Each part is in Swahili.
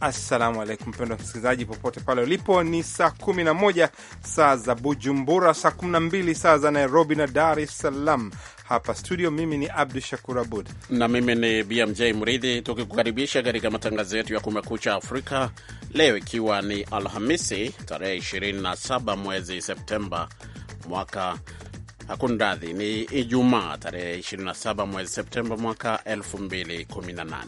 Assalamu alaikum mpendo msikilizaji, popote pale ulipo, ni saa 11 saa za Bujumbura, saa 12 saa za Nairobi na Dar es Salaam. Hapa studio, mimi ni Abdu Shakur Abud na mimi ni BMJ Mridhi, tukikukaribisha katika matangazo yetu ya Kumekucha Afrika leo, ikiwa ni Alhamisi tarehe 27 mwezi Septemba mwaka hakundadhi ni Ijumaa tarehe 27 mwezi Septemba mwaka 2018.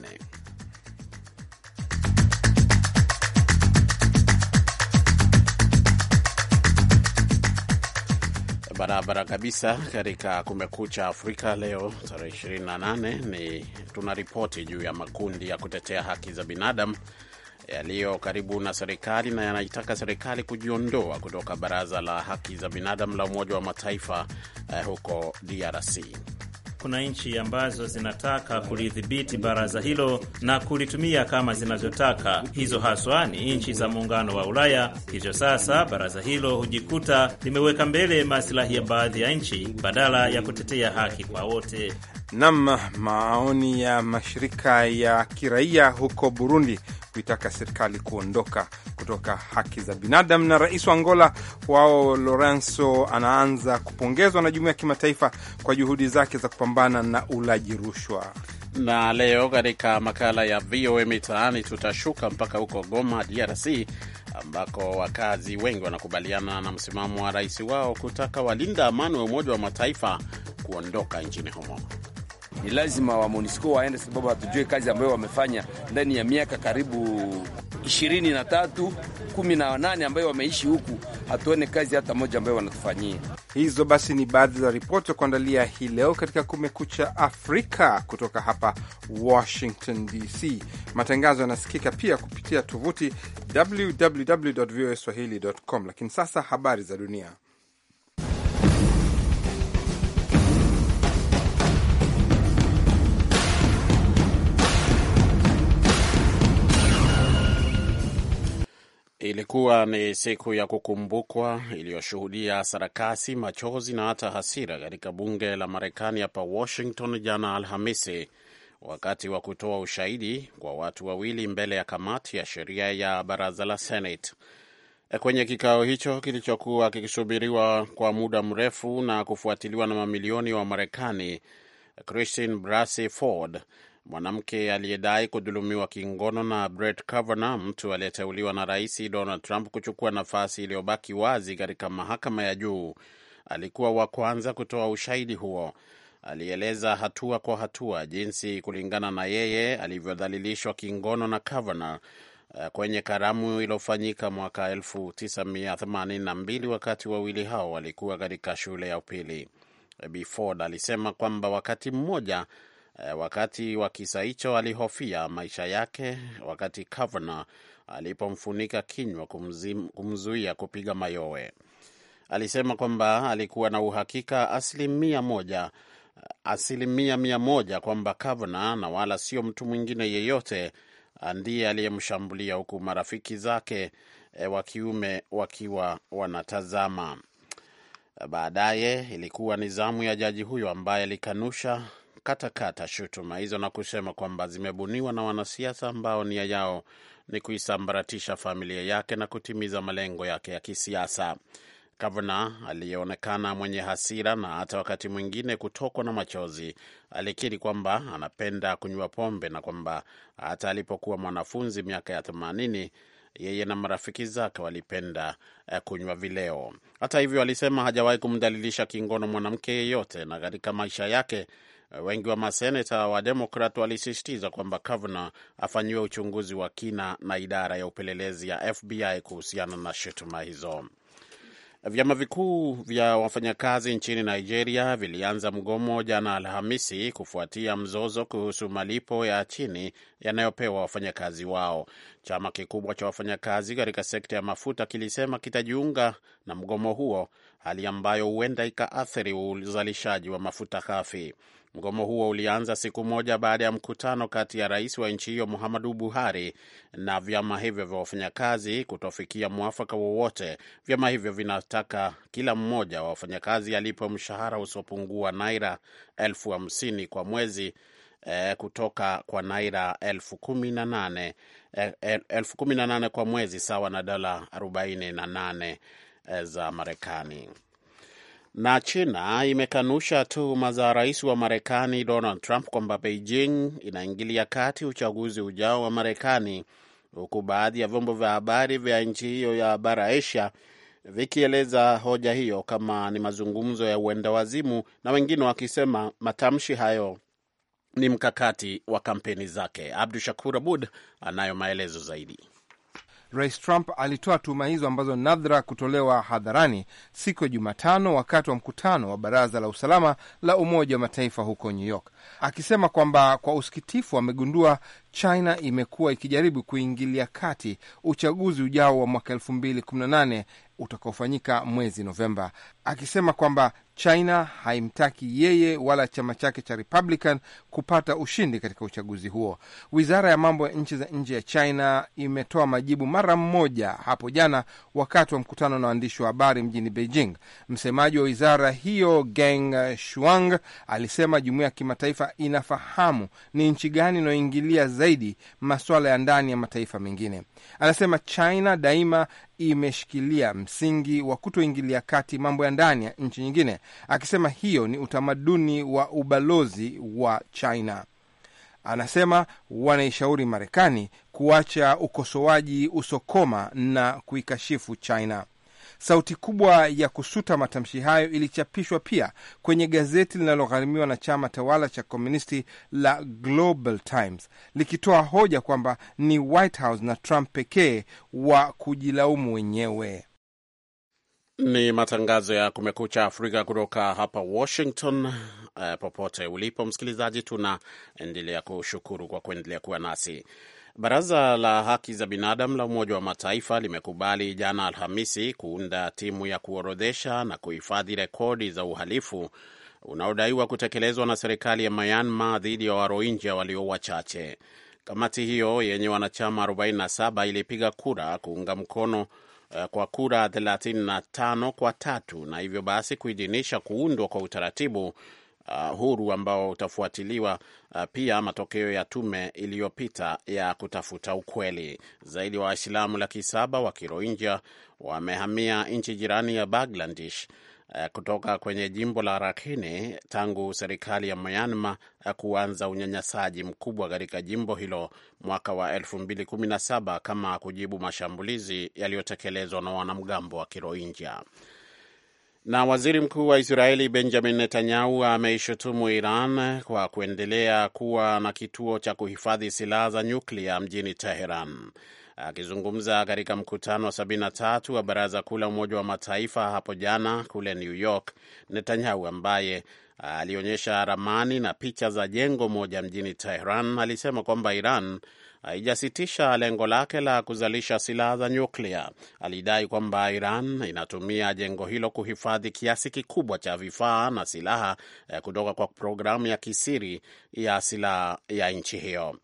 barabara kabisa katika Kumekucha Afrika. Leo tarehe 28 ni ripoti juu ya makundi ya kutetea haki za binadamu yaliyo karibu na serikali na yanaitaka serikali kujiondoa kutoka baraza la haki za binadamu la Umoja wa Mataifa eh, huko DRC kuna nchi ambazo zinataka kulidhibiti baraza hilo na kulitumia kama zinavyotaka. Hizo haswa ni nchi za muungano wa Ulaya. Hivyo sasa baraza hilo hujikuta limeweka mbele masilahi ya baadhi ya nchi badala ya kutetea haki kwa wote. Nam, maoni ya mashirika ya kiraia huko Burundi kuitaka serikali kuondoka kutoka haki za binadamu. Na rais wa Angola wao Lorenzo anaanza kupongezwa na jumuiya ya kimataifa kwa juhudi zake za kupambana na ulaji rushwa. Na leo katika makala ya VOA Mitaani tutashuka mpaka huko Goma, DRC, ambako wakazi wengi wanakubaliana na msimamo wa rais wao kutaka walinda amani wa Umoja wa Mataifa kuondoka nchini humo ni lazima wa MONUSCO waende, sababu hatujue kazi ambayo wamefanya ndani ya miaka karibu ishirini na tatu kumi na nane ambayo wameishi huku, hatuone kazi hata moja ambayo wanatufanyia. Hizo basi ni baadhi za ripoti ya kuandalia hii leo katika Kumekucha Afrika kutoka hapa Washington DC. Matangazo yanasikika pia kupitia tovuti www voa swahili com. Lakini sasa habari za dunia. Ilikuwa ni siku ya kukumbukwa iliyoshuhudia sarakasi, machozi na hata hasira katika bunge la Marekani hapa Washington jana Alhamisi, wakati wa kutoa ushahidi kwa watu wawili mbele ya kamati ya sheria ya baraza la Senate. E, kwenye kikao hicho kilichokuwa kikisubiriwa kwa muda mrefu na kufuatiliwa na mamilioni wa Marekani, Christine Blasey Ford mwanamke aliyedai kudhulumiwa kingono na Brett Kavanaugh, mtu aliyeteuliwa na Rais Donald Trump kuchukua nafasi iliyobaki wazi katika mahakama ya juu, alikuwa wa kwanza kutoa ushahidi huo. Alieleza hatua kwa hatua jinsi, kulingana na yeye, alivyodhalilishwa kingono na Kavanaugh eh, kwenye karamu iliyofanyika mwaka 1982 wakati wawili hao walikuwa katika shule ya upili. Bi Ford alisema kwamba wakati mmoja Eh, wakati wa kisa hicho alihofia maisha yake wakati Kavanaugh alipomfunika kinywa kumzuia kupiga mayowe. Alisema kwamba alikuwa na uhakika asilimia moja asilimia mia moja kwamba Kavanaugh na wala sio mtu mwingine yeyote ah, ndiye aliyemshambulia huku marafiki zake e, wa kiume wakiwa wanatazama. Baadaye ilikuwa ni zamu ya jaji huyo ambaye alikanusha kukatakata shutuma hizo na kusema kwamba zimebuniwa na wanasiasa ambao nia yao ni kuisambaratisha familia yake na kutimiza malengo yake ya kisiasa. Gavana aliyeonekana mwenye hasira na hata wakati mwingine kutokwa na machozi alikiri kwamba anapenda kunywa pombe na kwamba hata alipokuwa mwanafunzi miaka ya themanini yeye na marafiki zake walipenda eh, kunywa vileo. Hata hivyo, alisema hajawahi kumdhalilisha kingono mwanamke yeyote, na katika maisha yake wengi wa maseneta wa Demokrat walisisitiza kwamba Kavanaugh afanyiwe uchunguzi wa kina na idara ya upelelezi ya FBI kuhusiana na shutuma hizo. Vyama vikuu vya wafanyakazi nchini Nigeria vilianza mgomo jana Alhamisi kufuatia mzozo kuhusu malipo ya chini yanayopewa wafanyakazi wao. Chama kikubwa cha wafanyakazi katika sekta ya mafuta kilisema kitajiunga na mgomo huo, hali ambayo huenda ikaathiri uzalishaji wa mafuta ghafi. Mgomo huo ulianza siku moja baada ya mkutano kati ya rais wa nchi hiyo Muhammadu Buhari na vyama hivyo vya wafanyakazi kutofikia mwafaka wowote. Vyama hivyo vinataka kila mmoja wa wafanyakazi alipwe mshahara usiopungua naira elfu hamsini kwa mwezi eh, kutoka kwa naira elfu kumi na nane e, e, elfu kumi na nane kwa mwezi sawa na dola 48 e, za Marekani. Na China imekanusha tuhuma za rais wa Marekani Donald Trump kwamba Beijing inaingilia kati uchaguzi ujao wa Marekani, huku baadhi ya vyombo vya habari vya nchi hiyo ya bara Asia vikieleza hoja hiyo kama ni mazungumzo ya uenda wazimu, na wengine wakisema matamshi hayo ni mkakati wa kampeni zake. Abdu Shakur Abud anayo maelezo zaidi. Rais Trump alitoa tuhuma hizo ambazo nadra kutolewa hadharani siku ya Jumatano wakati wa mkutano wa Baraza la Usalama la Umoja wa Mataifa huko New York, akisema kwamba kwa usikitifu amegundua China imekuwa ikijaribu kuingilia kati uchaguzi ujao wa mwaka 2018 utakaofanyika mwezi Novemba, akisema kwamba China haimtaki yeye wala chama chake cha Republican kupata ushindi katika uchaguzi huo. Wizara ya mambo ya nchi za nje ya China imetoa majibu mara mmoja hapo jana wakati wa mkutano na waandishi wa habari mjini Beijing. Msemaji wa wizara hiyo Geng Shuang alisema jumuiya ya kimataifa inafahamu ni nchi gani inayoingilia zaidi masuala ya ndani ya mataifa mengine. Anasema China daima imeshikilia msingi wa kutoingilia kati mambo ya ndani ya nchi nyingine akisema hiyo ni utamaduni wa ubalozi wa China. Anasema wanaishauri Marekani kuacha ukosoaji usokoma na kuikashifu China. Sauti kubwa ya kusuta matamshi hayo ilichapishwa pia kwenye gazeti linalogharimiwa na chama tawala cha komunisti la Global Times, likitoa hoja kwamba ni White House na Trump pekee wa kujilaumu wenyewe. Ni matangazo ya Kumekucha Afrika kutoka hapa Washington. Uh, popote ulipo msikilizaji, tunaendelea kushukuru kwa kuendelea kuwa nasi. Baraza la haki za binadamu la Umoja wa Mataifa limekubali jana Alhamisi kuunda timu ya kuorodhesha na kuhifadhi rekodi za uhalifu unaodaiwa kutekelezwa na serikali ya Myanmar dhidi ya warohinja walio wachache. Kamati hiyo yenye wanachama 47 ilipiga kura kuunga mkono Eh, kwa kura 35 kwa tatu na hivyo basi kuidhinisha kuundwa kwa utaratibu Uh, huru ambao utafuatiliwa uh, pia matokeo ya tume iliyopita ya kutafuta ukweli. Zaidi wa Waislamu laki saba wa Kirohinja wamehamia nchi jirani ya Bangladesh Eh, kutoka kwenye jimbo la Rakhine tangu serikali ya Myanmar eh, kuanza unyanyasaji mkubwa katika jimbo hilo mwaka wa 2017 kama kujibu mashambulizi yaliyotekelezwa na wanamgambo wa Kirohinja. Na waziri mkuu wa Israeli Benjamin Netanyahu ameishutumu Iran kwa kuendelea kuwa na kituo cha kuhifadhi silaha za nyuklia mjini Teheran. Akizungumza katika mkutano wa 73 wa Baraza Kuu la Umoja wa Mataifa hapo jana kule New York, Netanyahu ambaye alionyesha ramani na picha za jengo moja mjini Tehran alisema kwamba Iran haijasitisha lengo lake la kuzalisha silaha za nyuklia. Alidai kwamba Iran inatumia jengo hilo kuhifadhi kiasi kikubwa cha vifaa na silaha eh, kutoka kwa programu ya kisiri ya silaha ya nchi hiyo.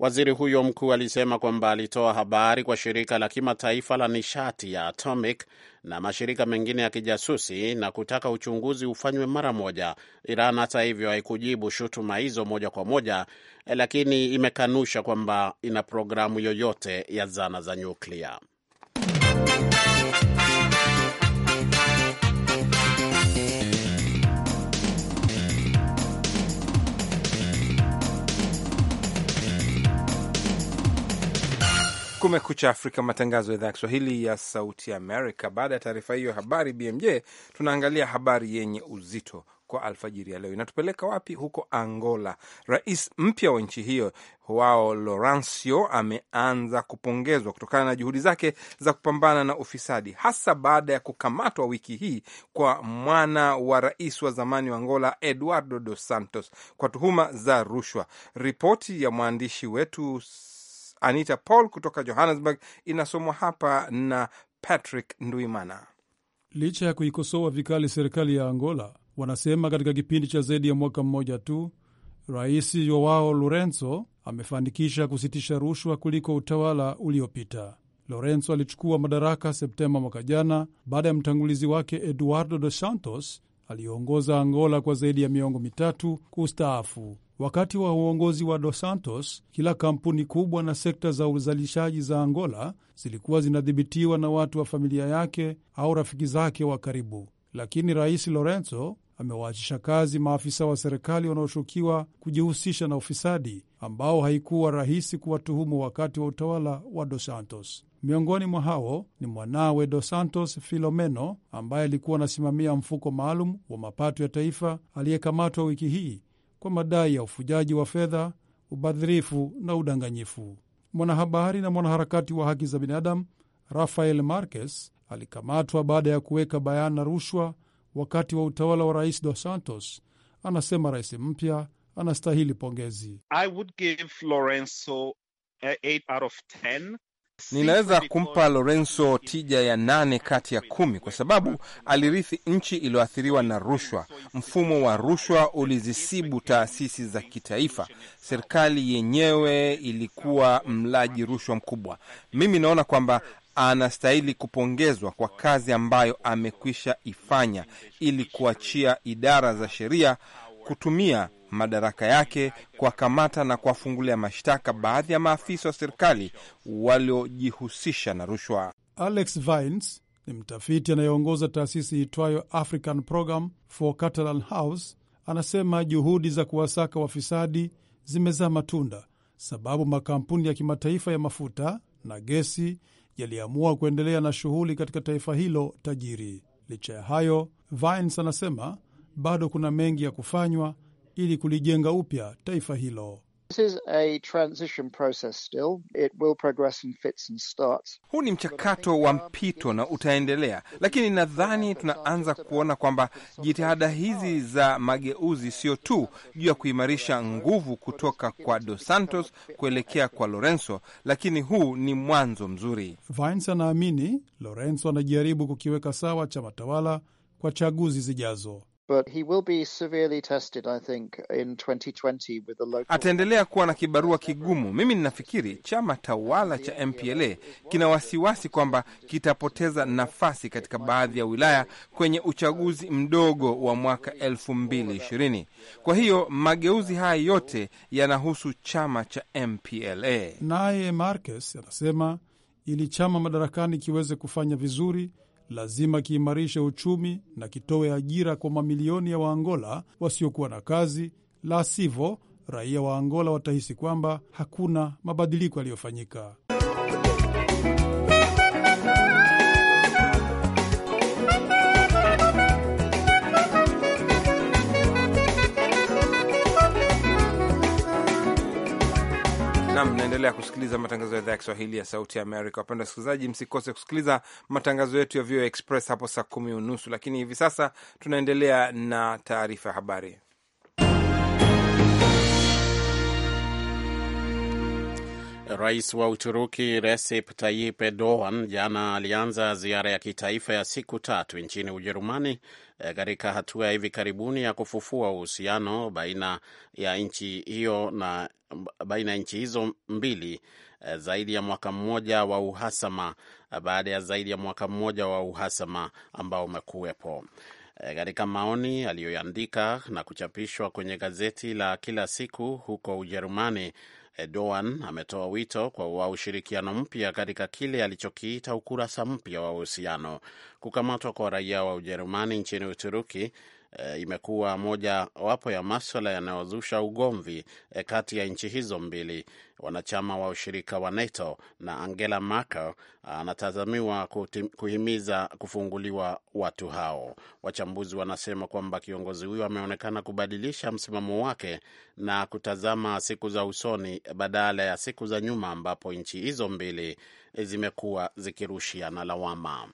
Waziri huyo mkuu alisema kwamba alitoa habari kwa shirika la kimataifa la nishati ya Atomic na mashirika mengine ya kijasusi na kutaka uchunguzi ufanywe mara moja. Iran hata hivyo haikujibu shutuma hizo moja kwa moja, lakini imekanusha kwamba ina programu yoyote ya zana za nyuklia. Kumekucha Afrika, matangazo ya idhaa ya Kiswahili ya Sauti Amerika. Baada ya taarifa hiyo habari BMJ, tunaangalia habari yenye uzito kwa alfajiri ya leo. Inatupeleka wapi? Huko Angola, rais mpya wa nchi hiyo wao lorancio ameanza kupongezwa kutokana na juhudi zake za kupambana na ufisadi, hasa baada ya kukamatwa wiki hii kwa mwana wa rais wa zamani wa Angola Eduardo dos Santos kwa tuhuma za rushwa. Ripoti ya mwandishi wetu Anita Paul kutoka Johannesburg inasomwa hapa na Patrick Nduimana. Licha ya kuikosoa vikali serikali ya Angola, wanasema katika kipindi cha zaidi ya mwaka mmoja tu Rais Joao Lorenzo amefanikisha kusitisha rushwa kuliko utawala uliopita. Lorenzo alichukua madaraka Septemba mwaka jana baada ya mtangulizi wake Eduardo dos Santos aliyeongoza Angola kwa zaidi ya miongo mitatu kustaafu. Wakati wa uongozi wa Dos Santos, kila kampuni kubwa na sekta za uzalishaji za Angola zilikuwa zinadhibitiwa na watu wa familia yake au rafiki zake wa karibu, lakini Rais Lorenzo amewaachisha kazi maafisa wa serikali wanaoshukiwa kujihusisha na ufisadi ambao haikuwa rahisi kuwatuhumu wakati wa utawala wa Dos Santos. Miongoni mwa hao ni mwanawe Dos Santos Filomeno, ambaye alikuwa anasimamia mfuko maalum wa mapato ya taifa aliyekamatwa wiki hii kwa madai ya ufujaji wa fedha, ubadhirifu na udanganyifu. Mwanahabari na mwanaharakati wa haki za binadamu Rafael Marquez alikamatwa baada ya kuweka bayana rushwa wakati wa utawala wa Rais Dos Santos. Anasema rais mpya anastahili pongezi. I would give Lorenzo 8 eh, out of Ninaweza kumpa Lorenzo tija ya nane kati ya kumi kwa sababu alirithi nchi iliyoathiriwa na rushwa. Mfumo wa rushwa ulizisibu taasisi za kitaifa, serikali yenyewe ilikuwa mlaji rushwa mkubwa. Mimi naona kwamba anastahili kupongezwa kwa kazi ambayo amekwisha ifanya ili kuachia idara za sheria kutumia madaraka yake kuwakamata na kuwafungulia mashtaka baadhi ya maafisa wa serikali waliojihusisha na rushwa. Alex Vines ni mtafiti anayeongoza taasisi itwayo African Program for Catalan House. Anasema juhudi za kuwasaka wafisadi zimezaa matunda, sababu makampuni ya kimataifa ya mafuta na gesi yaliamua kuendelea na shughuli katika taifa hilo tajiri. Licha ya hayo, Vines anasema bado kuna mengi ya kufanywa ili kulijenga upya taifa hilo. Huu ni mchakato wa mpito na utaendelea, lakini nadhani tunaanza kuona kwamba jitihada hizi za mageuzi sio tu juu ya kuimarisha nguvu kutoka kwa Dos Santos kuelekea kwa Lorenzo, lakini huu ni mwanzo mzuri. Vance anaamini Lorenzo anajaribu kukiweka sawa chama tawala kwa chaguzi zijazo but he will be severely tested I think in 2020 with the local... Ataendelea kuwa na kibarua kigumu. Mimi ninafikiri chama tawala cha MPLA kina wasiwasi kwamba kitapoteza nafasi katika baadhi ya wilaya kwenye uchaguzi mdogo wa mwaka 2020. Kwa hiyo mageuzi haya yote yanahusu chama cha MPLA. Naye Marcus anasema ili chama madarakani kiweze kufanya vizuri lazima kiimarishe uchumi na kitoe ajira kwa mamilioni ya Waangola wasiokuwa na kazi, la sivyo raia wa Angola watahisi kwamba hakuna mabadiliko yaliyofanyika. Nam, naendelea kusikiliza matangazo ya idhaa ya Kiswahili ya Sauti ya Amerika. Wapenda wasikilizaji, msikose kusikiliza matangazo yetu ya VOA Express hapo saa kumi unusu, lakini hivi sasa tunaendelea na taarifa ya habari. Rais wa Uturuki Recep Tayyip Erdogan jana alianza ziara ya kitaifa ya siku tatu nchini Ujerumani e, katika hatua ya hivi karibuni ya kufufua uhusiano baina ya nchi hiyo na baina ya nchi hizo mbili eh, zaidi ya mwaka mmoja wa uhasama, eh, baada ya zaidi ya mwaka mmoja wa uhasama ambao umekuwepo. Eh, katika maoni aliyoandika na kuchapishwa kwenye gazeti la kila siku huko Ujerumani, Doan ametoa wito kwa wa ushirikiano mpya katika kile alichokiita ukurasa mpya wa uhusiano. Kukamatwa kwa raia wa Ujerumani nchini Uturuki e, imekuwa moja wapo ya maswala yanayozusha ugomvi e, kati ya nchi hizo mbili wanachama wa ushirika wa NATO. Na Angela Merkel anatazamiwa kuhimiza kufunguliwa watu hao. Wachambuzi wanasema kwamba kiongozi huyo ameonekana kubadilisha msimamo wake na kutazama siku za usoni badala ya siku za nyuma ambapo nchi hizo mbili e, zimekuwa zikirushiana lawama.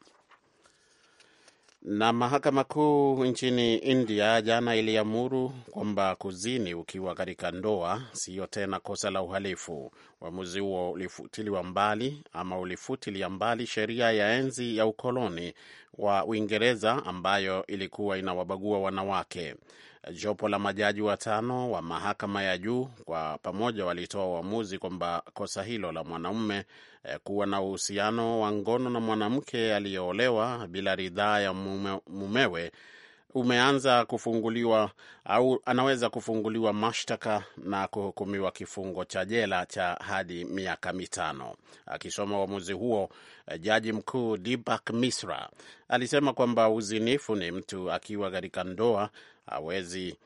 Na mahakama kuu nchini India jana iliamuru kwamba kuzini ukiwa katika ndoa siyo tena kosa la uhalifu. Uamuzi huo ulifutiliwa mbali ama ulifutilia mbali sheria ya enzi ya ukoloni wa Uingereza ambayo ilikuwa inawabagua wanawake. Jopo la majaji watano wa mahakama ya juu kwa pamoja walitoa uamuzi kwamba kosa hilo la mwanaume eh, kuwa na uhusiano wa ngono na mwanamke aliyeolewa bila ridhaa ya mume, mumewe umeanza kufunguliwa au anaweza kufunguliwa mashtaka na kuhukumiwa kifungo cha jela cha hadi miaka mitano. Akisoma uamuzi huo, eh, jaji mkuu Deepak Misra alisema kwamba uzinifu ni mtu akiwa katika ndoa hawezi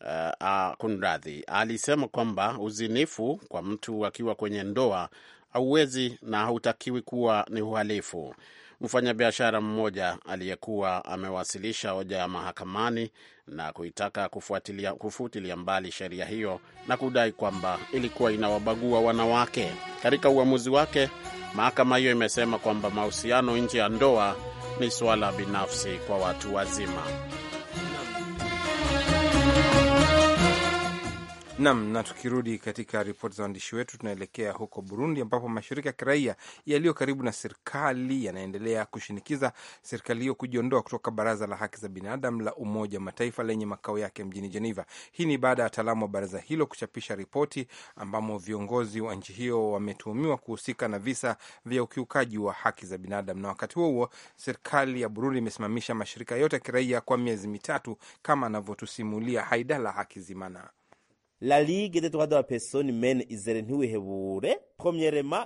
uh, uh, kunradhi, alisema kwamba uzinifu kwa mtu akiwa kwenye ndoa hauwezi na hautakiwi kuwa ni uhalifu. Mfanyabiashara mmoja aliyekuwa amewasilisha hoja ya mahakamani na kuitaka kufuatilia, kufutilia mbali sheria hiyo na kudai kwamba ilikuwa inawabagua wanawake. Katika uamuzi wake, mahakama hiyo imesema kwamba mahusiano nje ya ndoa ni suala binafsi kwa watu wazima. Nam, na tukirudi katika ripoti za waandishi wetu, tunaelekea huko Burundi ambapo mashirika ya kiraia yaliyo karibu na serikali yanaendelea kushinikiza serikali hiyo kujiondoa kutoka Baraza la Haki za Binadamu la Umoja wa Mataifa lenye makao yake mjini Geneva. Hii ni baada ya wataalamu wa baraza hilo kuchapisha ripoti ambamo viongozi wa nchi hiyo wametuhumiwa kuhusika na visa vya ukiukaji wa haki za binadamu. Na wakati huo huo, serikali ya Burundi imesimamisha mashirika yote ya kiraia kwa miezi mitatu, kama anavyotusimulia Haidala Hakizimana la ligue des droits de la personne mène ils renouent premièrement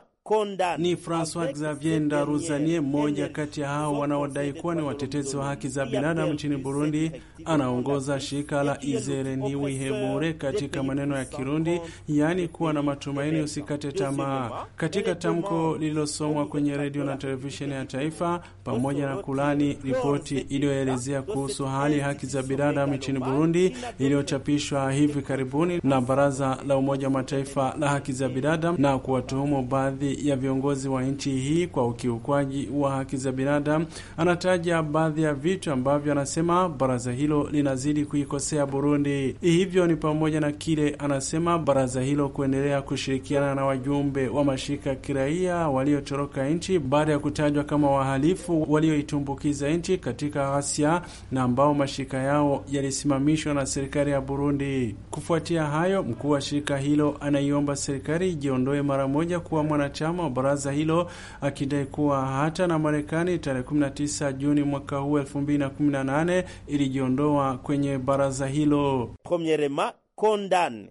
ni Francois Xavier Ndaruzanie, mmoja kati ya hao wanaodai kuwa ni watetezi wa haki za binadamu nchini Burundi. Anaongoza shirika la Izere Niwihebure katika maneno ya Kirundi, yaani kuwa na matumaini, usikate tamaa. Katika tamko lililosomwa kwenye redio na televisheni ya taifa, pamoja na kulani ripoti iliyoelezea kuhusu hali ya haki za binadamu nchini Burundi iliyochapishwa hivi karibuni na Baraza la Umoja wa Mataifa la haki za binadamu na kuwatuhumu baadhi ya viongozi wa nchi hii kwa ukiukwaji wa haki za binadamu. Anataja baadhi ya vitu ambavyo anasema baraza hilo linazidi kuikosea Burundi. Hivyo ni pamoja na kile anasema baraza hilo kuendelea kushirikiana na wajumbe wa mashirika ya kiraia waliotoroka nchi baada ya kutajwa kama wahalifu walioitumbukiza nchi katika ghasia na ambao mashirika yao yalisimamishwa na serikali ya Burundi. Kufuatia hayo, mkuu wa shirika hilo anaiomba serikali ijiondoe mara moja kuwa mwana wanachama wa baraza hilo, akidai kuwa hata na Marekani tarehe 19 Juni mwaka huu 2018 ilijiondoa kwenye baraza hilo. Komyerema Kondane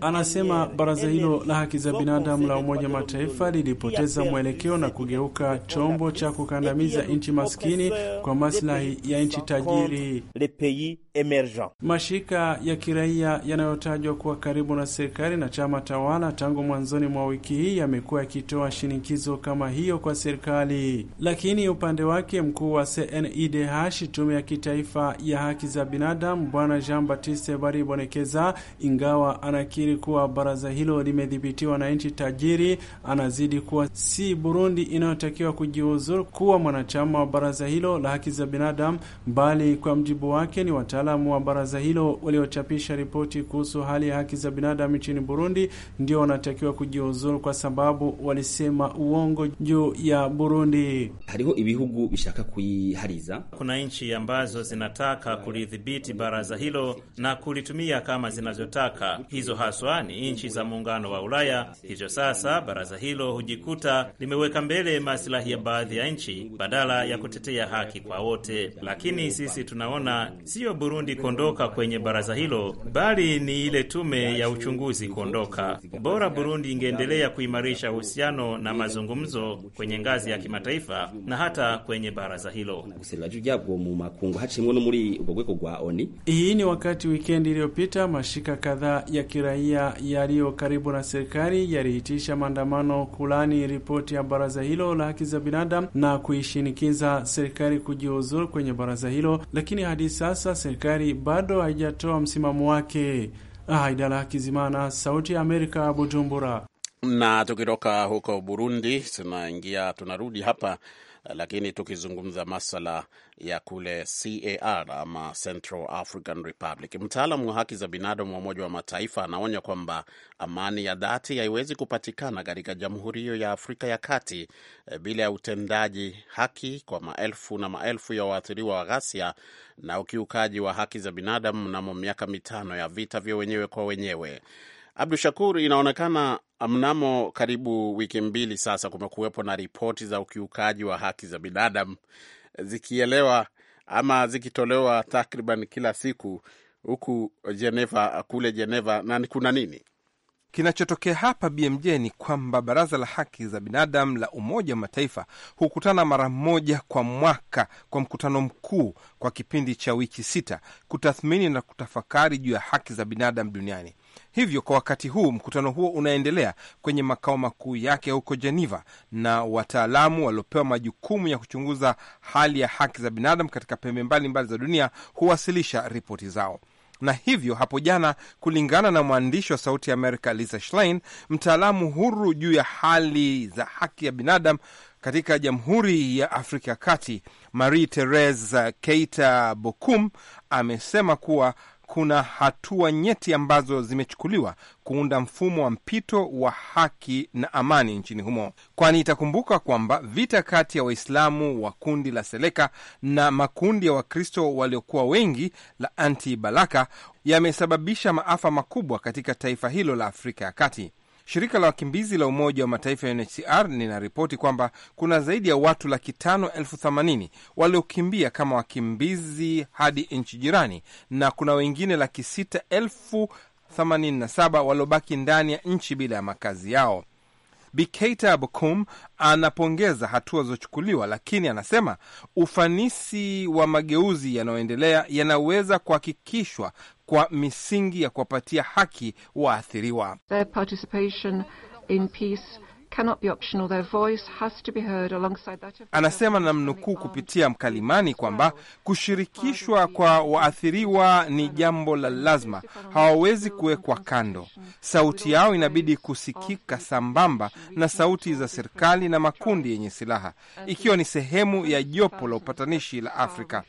Anasema baraza hilo la haki za binadamu la Umoja Mataifa lilipoteza mwelekeo na kugeuka chombo cha kukandamiza nchi maskini kwa maslahi ya nchi tajiri. Mashirika ya kiraia yanayotajwa kuwa karibu na serikali na chama tawala tangu mwanzoni mwa wiki hii yamekuwa yakitoa shinikizo kama hiyo kwa serikali, lakini upande wake mkuu wa CNIDH, tume ya kitaifa ya haki za binadamu, Bwana Jean Batiste Baribonekeza inga ingawa anakiri kuwa baraza hilo limedhibitiwa na nchi tajiri, anazidi kuwa si Burundi inayotakiwa kujiuzuru kuwa mwanachama wa baraza hilo la haki za binadamu, bali kwa mjibu wake ni wataalamu wa baraza hilo waliochapisha ripoti kuhusu hali ya haki za binadamu nchini Burundi ndio wanatakiwa kujiuzuru kwa sababu walisema uongo juu ya Burundi. Hariho ibihugu bishaka kuihariza, kuna nchi ambazo zinataka kulidhibiti baraza hilo na kulitumia kama zinavyotaka mamlaka. Hizo haswa ni nchi za muungano wa Ulaya. Hivyo sasa baraza hilo hujikuta limeweka mbele masilahi ya baadhi ya nchi badala ya kutetea haki kwa wote. Lakini sisi tunaona siyo Burundi kuondoka kwenye baraza hilo, bali ni ile tume ya uchunguzi kuondoka. Bora Burundi ingeendelea kuimarisha uhusiano na mazungumzo kwenye ngazi ya kimataifa na hata kwenye baraza hilo. Hii ni wakati wikendi iliyopita mashirika kadhaa ya kiraia yaliyo karibu na serikali yaliitisha maandamano kulani ripoti ya baraza hilo la haki za binadamu na kuishinikiza serikali kujiuzuru kwenye baraza hilo, lakini hadi sasa serikali bado haijatoa msimamo wake. Haidala Hakizimana, Sauti ya Amerika, Bujumbura. Na tukitoka huko Burundi tunaingia tunarudi hapa, lakini tukizungumza masala ya kule CAR ama Central African Republic. Mtaalam wa haki za binadamu wa Umoja wa Mataifa anaonya kwamba amani ya dhati haiwezi kupatikana katika jamhuri hiyo ya Afrika ya Kati eh, bila ya utendaji haki kwa maelfu na maelfu ya waathiriwa wa ghasia na ukiukaji wa haki za binadamu mnamo miaka mitano ya vita vya wenyewe kwa wenyewe. Abdu Shakur, inaonekana mnamo karibu wiki mbili sasa kumekuwepo na ripoti za ukiukaji wa haki za binadamu zikielewa ama zikitolewa takriban kila siku huku Geneva, kule Geneva. Na ni kuna nini kinachotokea hapa BMJ ni kwamba baraza la haki za binadamu la Umoja wa Mataifa hukutana mara moja kwa mwaka kwa mkutano mkuu kwa kipindi cha wiki sita kutathmini na kutafakari juu ya haki za binadamu duniani. Hivyo kwa wakati huu mkutano huo unaendelea kwenye makao makuu yake huko Geneva, na wataalamu waliopewa majukumu ya kuchunguza hali ya haki za binadamu katika pembe mbalimbali za dunia huwasilisha ripoti zao. Na hivyo hapo jana, kulingana na mwandishi wa Sauti ya Amerika Lisa Schlein, mtaalamu huru juu ya hali za haki ya binadamu katika Jamhuri ya Afrika ya Kati, Marie Therese Keita Bokum amesema kuwa kuna hatua nyeti ambazo zimechukuliwa kuunda mfumo wa mpito wa haki na amani nchini humo, kwani itakumbuka kwamba vita kati ya Waislamu wa kundi la Seleka na makundi ya Wakristo waliokuwa wengi la Anti Balaka yamesababisha maafa makubwa katika taifa hilo la Afrika ya Kati. Shirika la wakimbizi la Umoja wa Mataifa ya UNHCR linaripoti kwamba kuna zaidi ya watu laki tano elfu themanini waliokimbia kama wakimbizi hadi nchi jirani na kuna wengine laki sita elfu themanini na saba waliobaki ndani ya nchi bila ya makazi yao. bikata Bokum anapongeza hatua zilizochukuliwa, lakini anasema ufanisi wa mageuzi yanayoendelea yanaweza kuhakikishwa kwa misingi ya kuwapatia haki waathiriwa. Anasema namnukuu, kupitia mkalimani kwamba kushirikishwa kwa waathiriwa ni jambo la lazima, hawawezi kuwekwa kando. Sauti yao inabidi kusikika sambamba na sauti za serikali na makundi yenye silaha, ikiwa ni sehemu ya jopo la upatanishi la Afrika.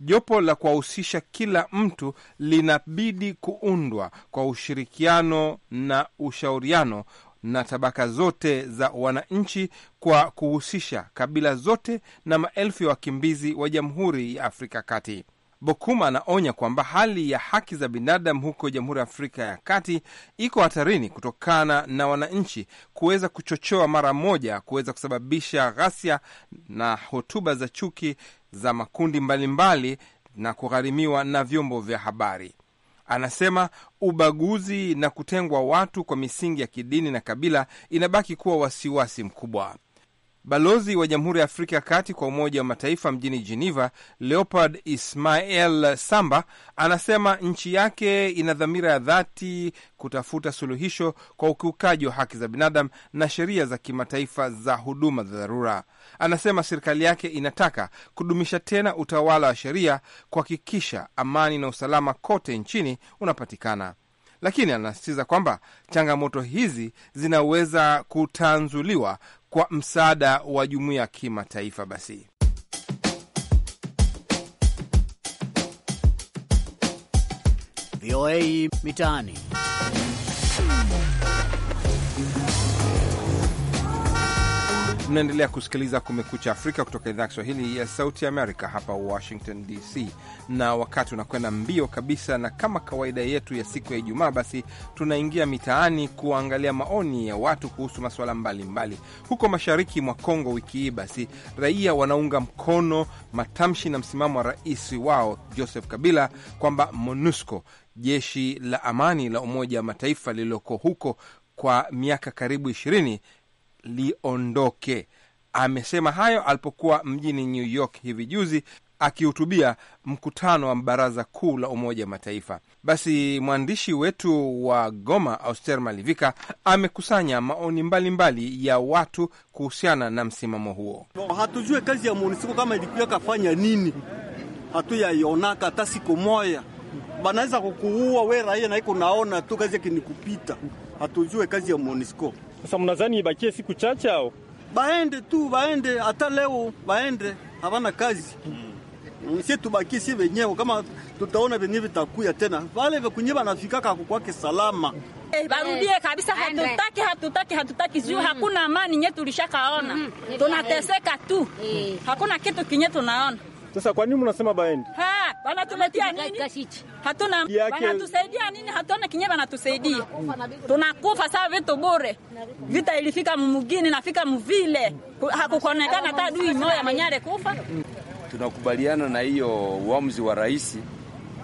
Jopo la kuwahusisha kila mtu linabidi kuundwa kwa ushirikiano na ushauriano na tabaka zote za wananchi kwa kuhusisha kabila zote na maelfu ya wakimbizi wa Jamhuri ya Afrika Kati. Bokuma anaonya kwamba hali ya haki za binadamu huko Jamhuri ya Afrika ya Kati iko hatarini kutokana na wananchi kuweza kuchochoa mara moja kuweza kusababisha ghasia na hotuba za chuki za makundi mbalimbali mbali na kugharimiwa na vyombo vya habari. Anasema ubaguzi na kutengwa watu kwa misingi ya kidini na kabila inabaki kuwa wasiwasi mkubwa. Balozi wa Jamhuri ya Afrika ya Kati kwa Umoja wa Mataifa mjini Geneva, Leopard Ismael Samba, anasema nchi yake ina dhamira ya dhati kutafuta suluhisho kwa ukiukaji wa haki za binadamu na sheria za kimataifa za huduma za dharura. Anasema serikali yake inataka kudumisha tena utawala wa sheria, kuhakikisha amani na usalama kote nchini unapatikana, lakini anasisitiza kwamba changamoto hizi zinaweza kutanzuliwa kwa msaada wa jumuiya ya kimataifa. Basi VOA Mitaani Mnaendelea kusikiliza Kumekucha Afrika kutoka idhaa ya Kiswahili ya Sauti Amerika hapa Washington DC, na wakati unakwenda mbio kabisa, na kama kawaida yetu ya siku ya Ijumaa, basi tunaingia mitaani kuangalia maoni ya watu kuhusu masuala mbalimbali huko mashariki mwa Kongo. Wiki hii basi raia wanaunga mkono matamshi na msimamo wa rais wao Joseph Kabila kwamba MONUSCO jeshi la amani la Umoja wa Mataifa lililoko huko kwa miaka karibu ishirini liondoke. Amesema hayo alipokuwa mjini New York hivi juzi akihutubia mkutano wa baraza kuu la Umoja wa Mataifa. Basi mwandishi wetu wa Goma, Auster Malivika, amekusanya maoni mbalimbali mbali ya watu kuhusiana na msimamo huo. Hatujue kazi ya MONUSCO kama ilikuwa kafanya nini, hatuyaionaka hata siku moya. Banaweza kukuua we raia, naiko naona tu kazi yake ni kupita. Hatujue kazi ya MONUSCO sasa mnadhani ibakie siku chache au baende tu baende, hata leo baende, hawana kazi hmm. Mm, si tubaki si wenyewe, kama tutaona venye vitakuya tena, vale vekunye vanafikaka kwake salama eh, barudie eh, kabisa, hatutaki hatutaki hatutaki, juu mm-hmm. hakuna amani nye tulishakaona, mm-hmm. tunateseka tu, mm-hmm. hakuna kitu kinye tunaona sasa kwa nini mnasema baendi? Ha, wanatuletea nini? Hatuna wanatusaidia nini? Hatuna kinye wanatusaidia. Tunakufa saa vitu bure. Vita ilifika mumugini nafika mvile. Hakukonekana hata dui moya manyare kufa. Tunakubaliana na hiyo uamuzi wa rais.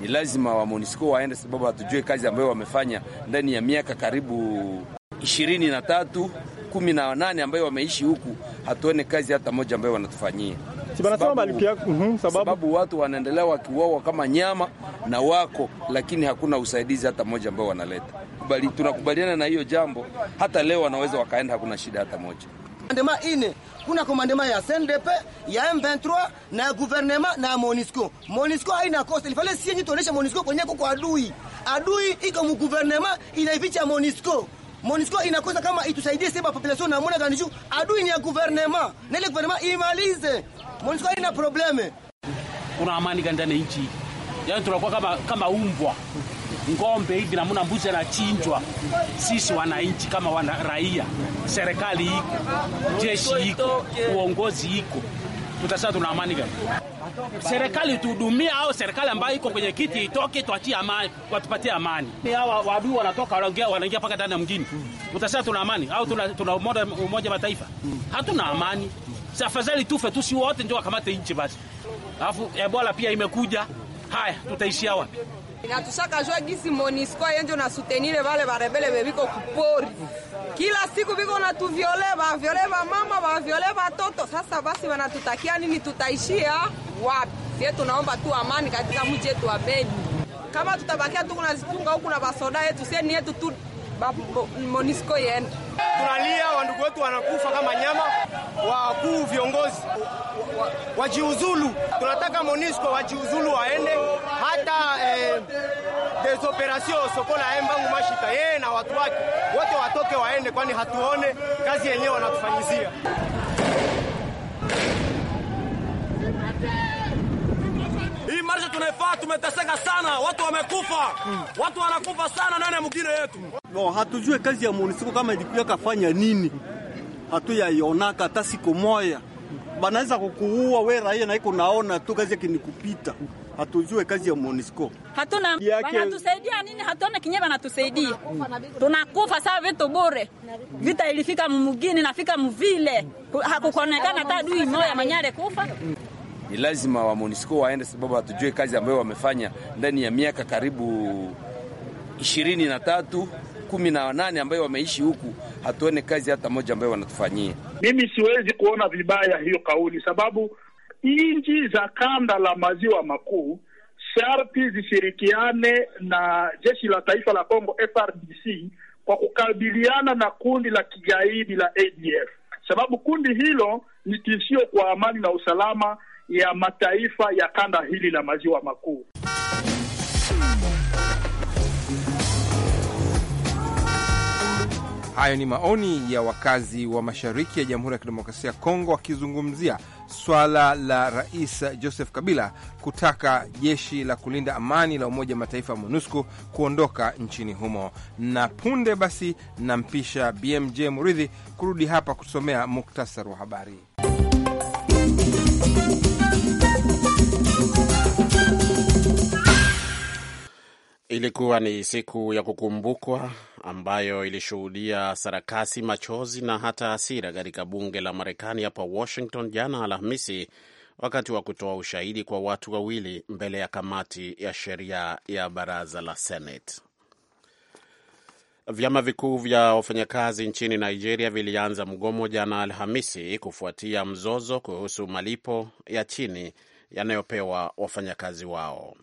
Ni lazima wa MONUSCO waende, sababu hatujue kazi ambayo wamefanya ndani ya miaka karibu ishirini na tatu kumi na wanane ambayo wameishi huku, hatuone kazi hata moja ambayo wanatufanyia sababu, mhm, sababu, sababu watu wanaendelea wakiuawa kama nyama na wako, lakini hakuna usaidizi hata moja ambayo wanaleta. tunakubaliana na hiyo jambo, hata leo wanaweza wakaenda, hakuna shida hata moja. Komandema ine kuna komandema ya CNDP ya M23 na guvernema na Monisco. Monisco haina kosa. Ilifale sienyi tuonesha Monisco kwenye kuko adui. Adui iko mu gouvernement inaificha Monisco. MONUSCO inakosa kama itusaidie sema population na mwana kaniju adui ni ya gouvernement. Na ile gouvernement imalize. Monisco ina probleme. Kuna amani gani ndani nchi? Yaani tunakuwa kama kama umbwa. Ng'ombe hivi na muna mbuzi anachinjwa. Sisi wananchi kama wana raia, serikali iko, jeshi iko, uongozi iko. Tutasema tuna amani gani? serikali tuhudumia, au serikali ambayo iko kwenye kiti itoke, tuachie amani, watupatie amani. Ni hawa wadui wanatoka, wanaongea, wanaingia mpaka ndani ya mjini. Utasema tuna amani au tuna, tuna umoja, umoja mataifa? Hatuna amani. Si afadhali tufe tu, si wote ndio wakamate nchi basi. Alafu Ebola pia imekuja, haya tutaishia wapi? Inatusaka jua gisi Monisco yenje na sutenire vale barebele veviko kupori kila siku viko natuvyole, bavyole vamama mama, vatoto Sasa basi wanatutakia nini? Tutaishia wapi? Sie tunaomba tu amani katika mji wetu wa Beni. Kama tutabakia tu kunazifunga huku na basoda yetu, ni yetu tu Monisco yenda. Tunalia wandugu wetu wanakufa kama nyama, wakuu viongozi wajiuzulu wa tunataka Monisco wajiuzulu waende, hata eh, desoperasio Sokola Embangu Mashita yeye na watu wake wote watoke waende, kwani hatuone kazi yenyewe wanatufanyizia. Hii marsha tunaifaa, tumeteseka sana, watu wamekufa, hmm. Watu wanakufa sana nene mwingine mugine yetu no, hatujue kazi ya Monisco kama ilikuwa kafanya nini, hatuyayonaka hata siku moya banaweza kukuua we raia, iko naona tu kazi yake ni kupita. Hatujue kazi ya Monisco. hatuna wanatusaidia nini, hatuona kinye banatusaidia. Tunakufa saa vitu bure. Vita ilifika mumugini nafika muvile, hakukonekana hata dui moya manyare kufa ni lazima wa Monisco waende, sababu hatujue kazi ambayo wamefanya ndani ya miaka karibu ishirini na tatu kumi na wanane ambayo wameishi huku, hatuone kazi hata moja ambayo wanatufanyia. Mimi siwezi kuona vibaya hiyo kauli, sababu nchi za kanda la maziwa makuu sharti zishirikiane na jeshi la taifa la Kongo FRDC kwa kukabiliana na kundi la kigaidi la ADF, sababu kundi hilo ni tishio kwa amani na usalama ya mataifa ya kanda hili la maziwa makuu. Hayo ni maoni ya wakazi wa mashariki ya Jamhuri ya Kidemokrasia ya Kongo wakizungumzia swala la Rais Joseph Kabila kutaka jeshi la kulinda amani la Umoja Mataifa MONUSCO kuondoka nchini humo. Na punde basi nampisha BMJ Muridhi kurudi hapa kusomea muktasari wa habari. Ilikuwa ni siku ya kukumbukwa ambayo ilishuhudia sarakasi, machozi na hata hasira katika bunge la Marekani hapa Washington jana Alhamisi, wakati wa kutoa ushahidi kwa watu wawili mbele ya kamati ya sheria ya baraza la Senate. Vyama vikuu vya wafanyakazi nchini Nigeria vilianza mgomo jana Alhamisi kufuatia mzozo kuhusu malipo ya chini yanayopewa wafanyakazi wao.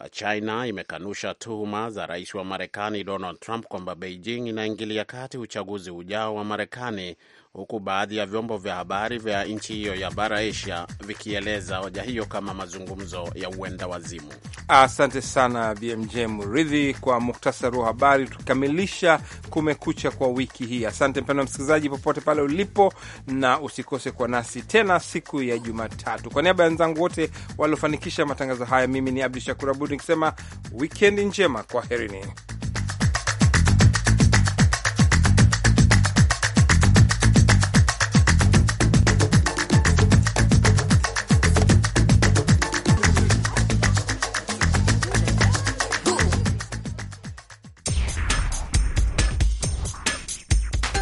Uh, China imekanusha tuhuma za rais wa Marekani Donald Trump kwamba Beijing inaingilia kati uchaguzi ujao wa Marekani huku baadhi ya vyombo vya habari vya nchi hiyo ya bara Asia vikieleza hoja hiyo kama mazungumzo ya uenda wazimu. Asante sana BMJ Muridhi kwa muktasari wa habari, tukikamilisha Kumekucha kwa wiki hii. Asante mpendwa msikilizaji, popote pale ulipo, na usikose kuwa nasi tena siku ya Jumatatu. Kwa niaba ya wenzangu wote waliofanikisha matangazo haya, mimi ni Abdu Shakur Abud nikisema wikendi njema, kwaherini.